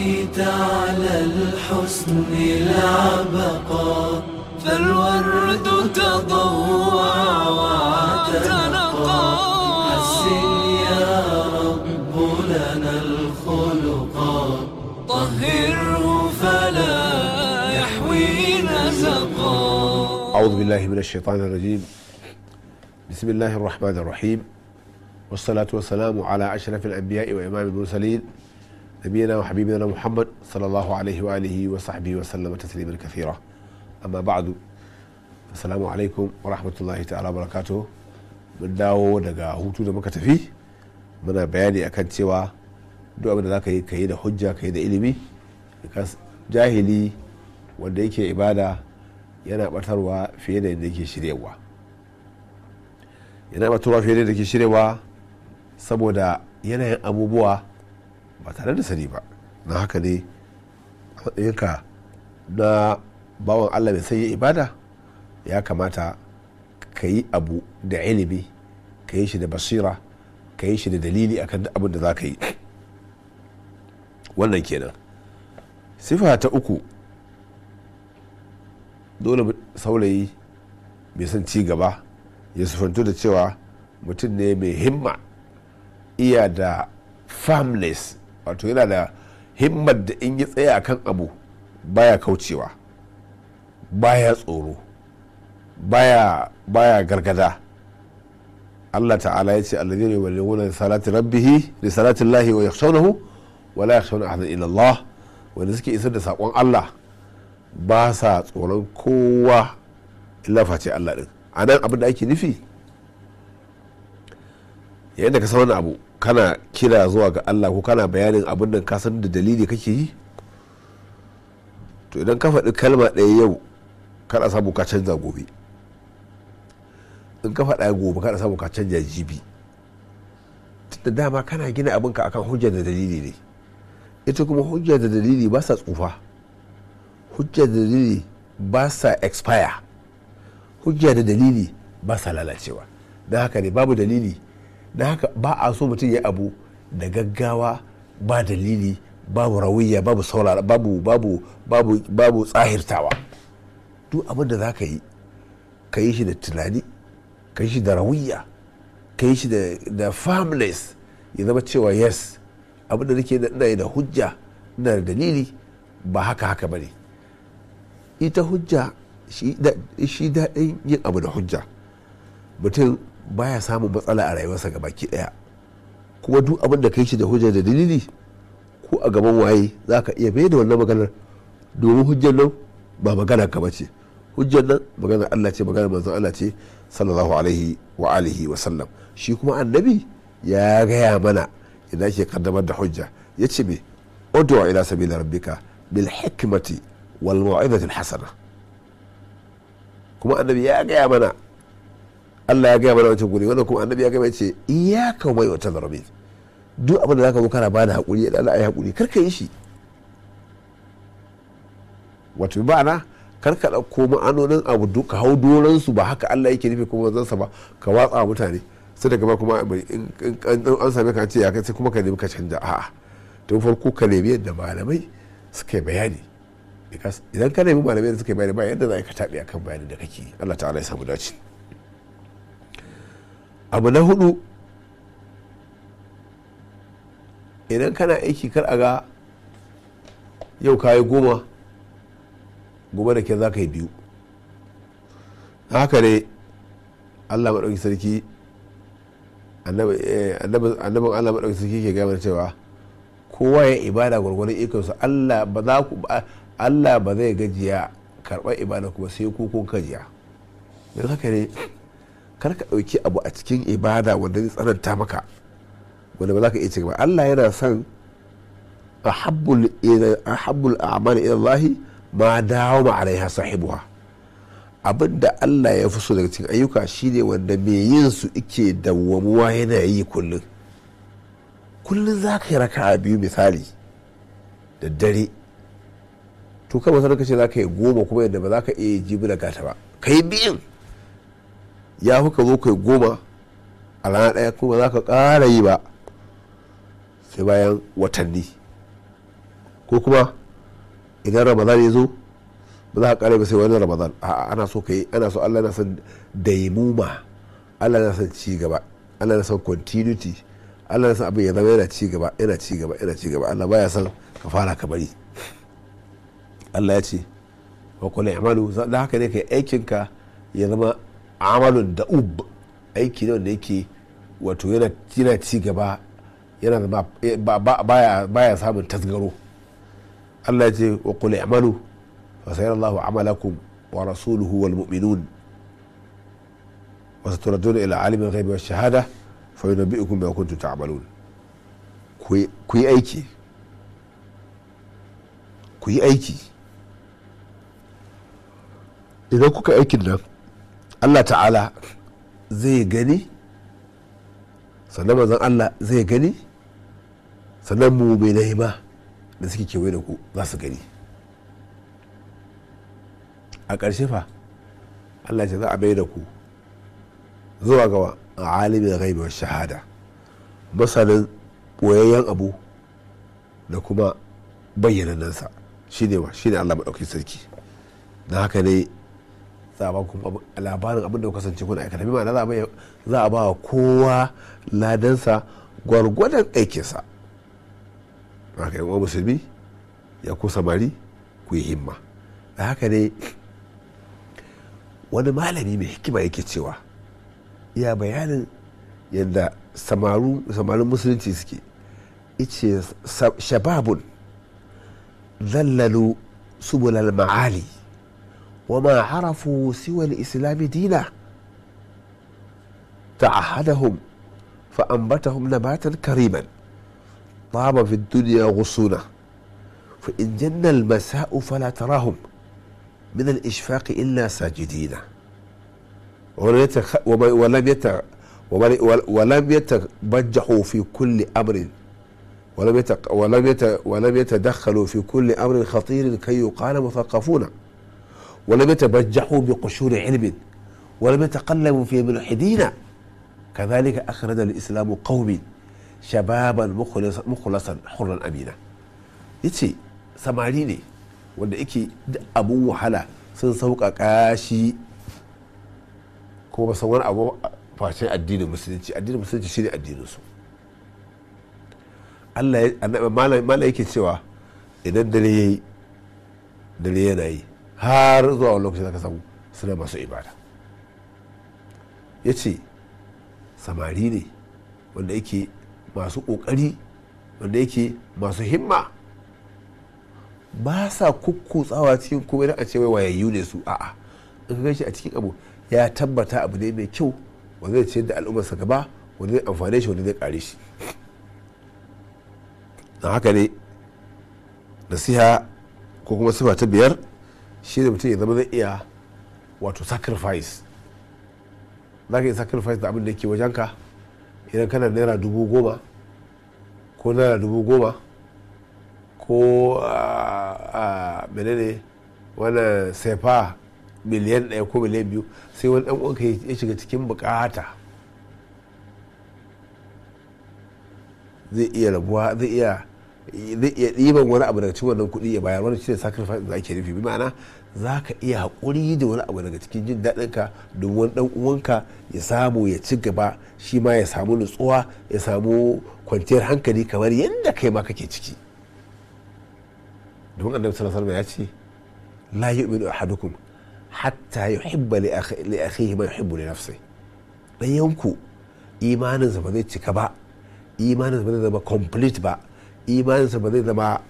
بقيت على الحسن العبقى فالورد تضوع وتنقى حسن يا رب لنا الخلقا طهره فلا يحوي نزقا أعوذ بالله من الشيطان الرجيم بسم الله الرحمن الرحيم والصلاة والسلام على أشرف الأنبياء وإمام المرسلين نبينا وحبيبنا محمد صلى الله عليه وآله وصحبه وسلم تسليما كثيرا أما بعد السلام عليكم ورحمة الله تعالى وبركاته من dawo daga hutu da muka tafi muna bayani akan cewa duk abin da za ka yi ka da hujja ka yi da ilimi jahili wanda yake ibada yana batarwa fiye da yadda yake shirewa yana batarwa fiye da yadda yake shirewa saboda yanayin abubuwa ba tare da sani ba na haka ne a matsayinka na bawan allah mai sanya ibada ya kamata ka yi abu da ilimi ka yi shi da basira ka yi shi da dalili akan duk abin da za ka yi wannan kenan sifa ta uku dole saulayi mai son ci gaba ya sufanto da cewa mutum ne mai himma iya da farmless wato yana da himmar da in yi tsaye akan abu baya kaucewa baya tsoro baya baya gargada Allah ta'ala ya ce alladhina salatin rabbihi da salatin lahi wa yakhshawnahu wa la yakhshawna ahadan illa wanda suke isar da saƙon Allah ba sa tsoron kowa illa face Allah din anan abin da ake nufi yayin da ka sa wani abu kana kira zuwa ga allah ko kana bayanin abin nan ka san da dalili kake yi to idan ka faɗi kalma ɗaya yau na samu ka canza gobe in ka faɗa gobe na samu ka canza jibi da dama kana gina abinka akan hujja da dalili ne ita kuma hujja da dalili ba sa tsufa hujja da dalili ba sa expire hujja da dalili ba sa lalacewa don haka ne babu dalili da haka ba a so mutum ya abu da gaggawa ba dalili babu rawiya babu saurara babu babu babu babu tsahirtawa duk abin da za yi ka yi shi da tunani ka yi shi da rawiya ka yi shi da farmless ya zama cewa yes abin da nake ina da hujja na da dalili ba haka haka bane ita hujja shi daɗin yin abu da hujja mutum baya samun matsala a rayuwarsa ga baki daya kuma duk abin da kai shi da hujja da dalili ko a gaban waye za ka iya bai da wannan maganar domin hujjar nan ba magana ka bace hujjar nan maganar Allah ce maganar manzon Allah ce sallallahu alaihi wa alihi wa sallam shi kuma annabi ya gaya mana idan ake kaddamar da hujja ya ce me udwa ila sabila rabbika bil hikmati wal mu'izati al hasana kuma annabi ya gaya mana Allah ya gaya mana wancan guri wannan kuma annabi ya gaya ce iyyaka mai wata zarbi duk abin da zaka zo kana bada hakuri da Allah ya hakuri kar ka yi shi wato na kar ka dauko ma'anonin abu duka hau doran su ba haka Allah yake nufi kuma zansa ba ka watsa mutane sai daga ba kuma an same ka ce ya kai sai kuma ka nemi ka canja a'a to farko ka nemi yadda malamai suka yi bayani idan ka nemi malamai da suka yi bayani ba yadda za ka taɓi akan bayanin da kake Allah ta'ala ya samu dace abu na hudu idan kana aiki kar a ga yau kayi goma goma da ke za ka yi biyu haka ne allah maɗauki sarki eh, annabin allah maɗauki sarki ke gama cewa kowa ya ibada gwargwadon ikonsa allah ba za ku allah ba zai gajiya karɓar ibada kuma sai kukun kajiya don haka ne kar ka ɗauki abu a cikin ibada wanda zai tsananta maka wanda ba za ka iya cewa Allah yana son ahabbul a'mal ila Allah ma dawo ma alaiha sahibuha abin da Allah ya fi so daga cikin ayyuka shine wanda mai yin su ike dawwamuwa yana yi kullum kullum za ka yi raka'a biyu misali da dare to kai sanar ka ce za ka yi goma kuma yadda ba za ka iya jibi da gata ba ka yi biyun ya fi ka zo kai goma a rana ɗaya kuma za ka ƙara yi ba sai bayan watanni ko kuma idan ramadan ya zo ba za ka ƙara ba sai wani ramadan a'a ana so ka yi ana so allah na san daimuma allah na san ci gaba allah na san continuity allah na san abin ya zama yana ci gaba yana ci gaba yana ci gaba allah baya san ka fara ka bari allah ya ce wa kula amalu da haka ne ka aikinka ya zama amalun da ub aiki ne wanda yake wato yana ci gaba yana eh, baya samun tasgaro Allah ya ce wa qul wa fa sayarallahu amalakum wa rasuluhu wal mu'minun wa da ila alimin ghaibi wash shahada fa yunabbi'ukum bima kuntum ta'malun ku yi aiki ku yi aiki idan kuka aikin nan allah ta'ala zai gani sannan manzon allah zai gani sannan mu mai hima da suke kewaye da ku za su gani a ƙarshe fa allah ce za a bai da ku zuwa ga alimin gaibuwar shahada masanin ɓoyayyen abu da kuma bayyanannansa shi ne wa shi ne allah maɗauki sarki da haka ne za a ba ku labarin abin da ku kasance kuna aikata bi ma'ana za a ba wa kowa ladansa gwargwadon aikinsa haka yi wa musulmi ya ku samari ku yi himma da haka ne wani malami mai hikima yake cewa iya bayanin yadda samarin musulunci suke ice shababun zallalu subulal ma'ali وما عرفوا سوى الإسلام دينا تعهدهم فأنبتهم نباتا كريما طاب في الدنيا غصونه فإن جن المساء فلا تراهم من الإشفاق إلا ساجدين ولم يتخ... ولم يتبجحوا في كل أمر ولم ولم يت... ولم يتدخلوا في كل أمر خطير كي يقال مثقفون ولم يتبجحوا بقشور علم ولم يتقلبوا في ملحدين كذلك أخرج الإسلام قوم شبابا مخلصا حرا أمينا yace samari ne wanda yake duk wahala sun sauƙaƙa shi kuma ba san wani abu face addinin musulunci addinin musulunci shine addinin su Allah mala yake cewa idan dare yayi dare yana yi har zuwa wani lokaci zaka samu suna masu ibada ya ce samari ne wanda yake masu ƙoƙari wanda yake masu himma ba sa kukkutsawa cikin kuma idan ce wai wayayyu ne su a'a in ka shi a cikin abu ya tabbata abu ne mai kyau wanda zai ciyar da al'ummarsa gaba wanda zai amfane shi wanda zai kare shi na haka ne nasiha ko kuma sifa ta biyar shi da mutum ya zama zai iya wato sacrifice za ka yi sacrifice da abin da ke ka idan kana naira dubu goma ko naira dubu goma ko a ah, ah, menene wani sefa miliyan ɗaya ko miliyan biyu sai wani ɗan uwanka ya shiga cikin bukata zai iya rabuwa zai iya zai iya ɗiban wani abu daga cikin wannan kuɗi ya bayar wani shine sacrifice da ake nufi bi ma'ana za ka iya haƙuri da wani abu daga cikin jin daɗin ka wani ɗan uwanka ya samu ya ci gaba shi ma ya samu nutsuwa ya samu kwanciyar hankali kamar yadda kai ma kake ciki domin annabi sallallahu alaihi ya ce la yu'minu ahadukum hatta yuhibba li akhihi ma yuhibbu li nafsihi dan yanku imanin ba zai cika ba imanin ba zai zama complete ba imaninsa ba zai zama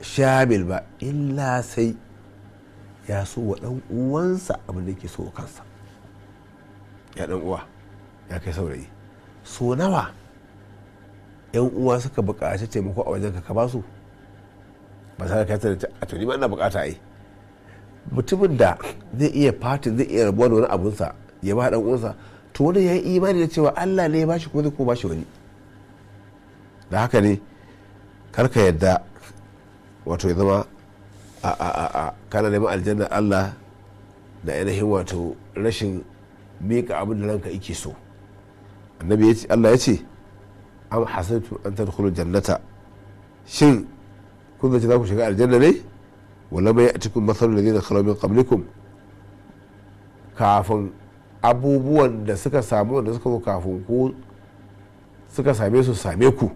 shamil ba illa sai ya so wa ɗan uwansa abin da ke so kansa ya ɗan uwa ya kai saurayi so nawa yan uwa suka buƙaci taimako a wajen ka ba su ba sa ka a tuni ba ina buƙata ai mutumin da zai iya fatin zai iya rabuwa da wani abunsa ya ba ɗan uwansa to wani ya yi imani da cewa Allah ne ya shi kuma zai ko shi wani da haka ne karka yadda wato ya zama a a a a kana neman aljanna allah da ainihin wato rashin miƙa abin da ranka ike so annabi ya ce allah ya ce am hasantu an tadkhulu jannata shin kun zace za ku shiga aljanna ne wala mai atikum masalul ladina khalu min qablikum kafin abubuwan da suka samu wanda suka zo kafin ku suka same su same ku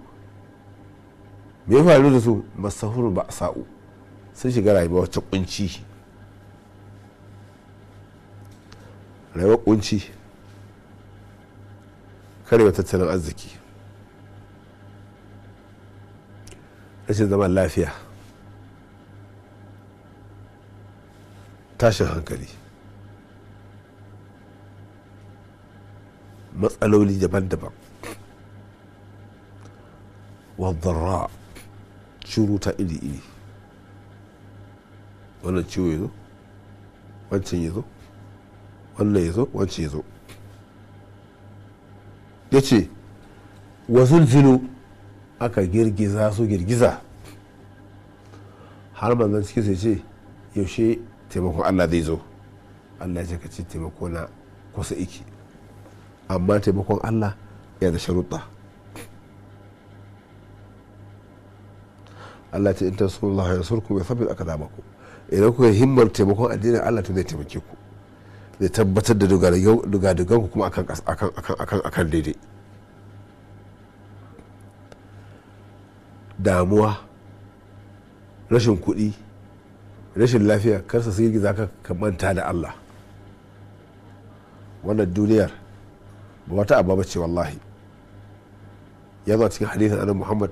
me ya faru da su ba masahur ba sa'u sun shiga rayuwa wacce kunci rayuwa kunci karewa tattalin arziki rashin zaman lafiya tashin hankali matsaloli daban-daban wadda shuruta iri-iri wannan ciwo ya zo wancan ya zo wannan ya zo wancan ya zo ya ce wa zulzulu aka girgiza su girgiza har manzan cikin sai ce yaushe taimakon allah zai zo allah ya ce ka ce taimako na kusa iki amma taimakon allah ya da sharuɗa Allah ce in ya yansurkum aka yuthabbit ku idan kuka himmar taimakon addinin Allah ta zai taimake ku zai tabbatar da dugadugan ku kuma akan akan akan akan daidai damuwa rashin kuɗi rashin lafiya karsa sirgi za ka manta da Allah wannan duniyar ba wata ababa ce wallahi ya zo cikin hadisin annabi Muhammad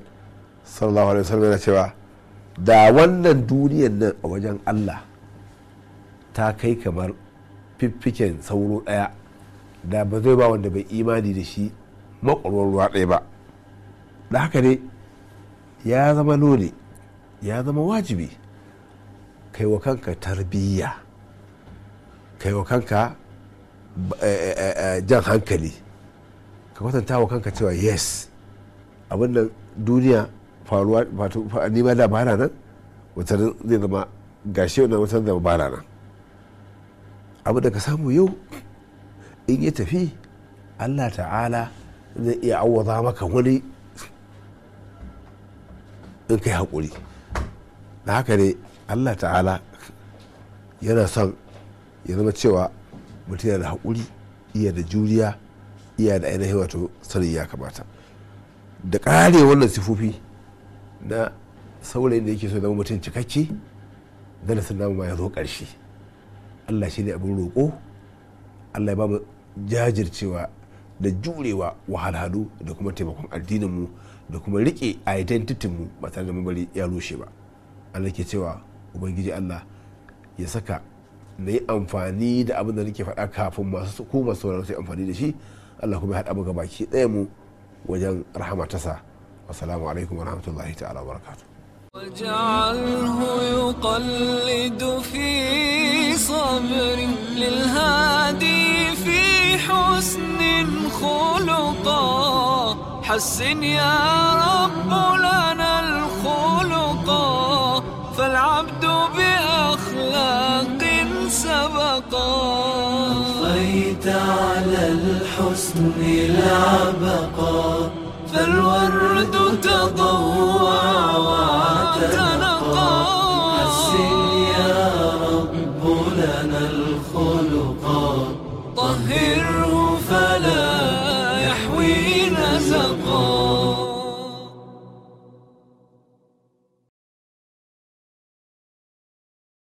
sallallahu alaihi wasallam yana cewa da wannan duniyar nan a wajen allah ta kai kamar fiffiken sauro ɗaya da ba zai ba wanda bai imani da shi makwarwar ruwa ɗaya ba da haka ne ya zama nole ya zama wajibi kai wa kanka tarbiyya kai wa kanka eh, eh, eh, jan hankali ka kwatanta wa kanka cewa yes abin nan duniya faruwa wato ni ba da ba na nan wata zai zama gashi na wata zama bara nan abu da ka samu yau in ya tafi allah ta'ala zai iya awwaza maka wani in kai haƙuri da haka ne allah ta'ala yana son ya zama cewa mutum yana da haƙuri iya da juriya iya da ainihin wato sanin ya kamata da ƙare wannan sifofi na saurayin da yake so zama mutum cikakke darasin namu ma ya zo ƙarshe allah shi ne abin roƙo allah ya ba mu jajircewa da jurewa wahalhalu da kuma taimakon addininmu da kuma riƙe identitinmu ba tare da mabari ya rushe ba allah ke cewa ubangiji allah ya saka na yi amfani da abin da nake faɗa kafin masu ko masu su su amfani da shi allah kuma ya haɗa mu gabaki ɗaya mu wajen rahama tasa والسلام عليكم ورحمة الله تعالى وبركاته واجعله يقلد في صبر للهادي في حسن خلقا حسن يا رب لنا الخلقا فالعبد بأخلاق سبقا أخفيت على الحسن العبقا فالورد تضوى وتنى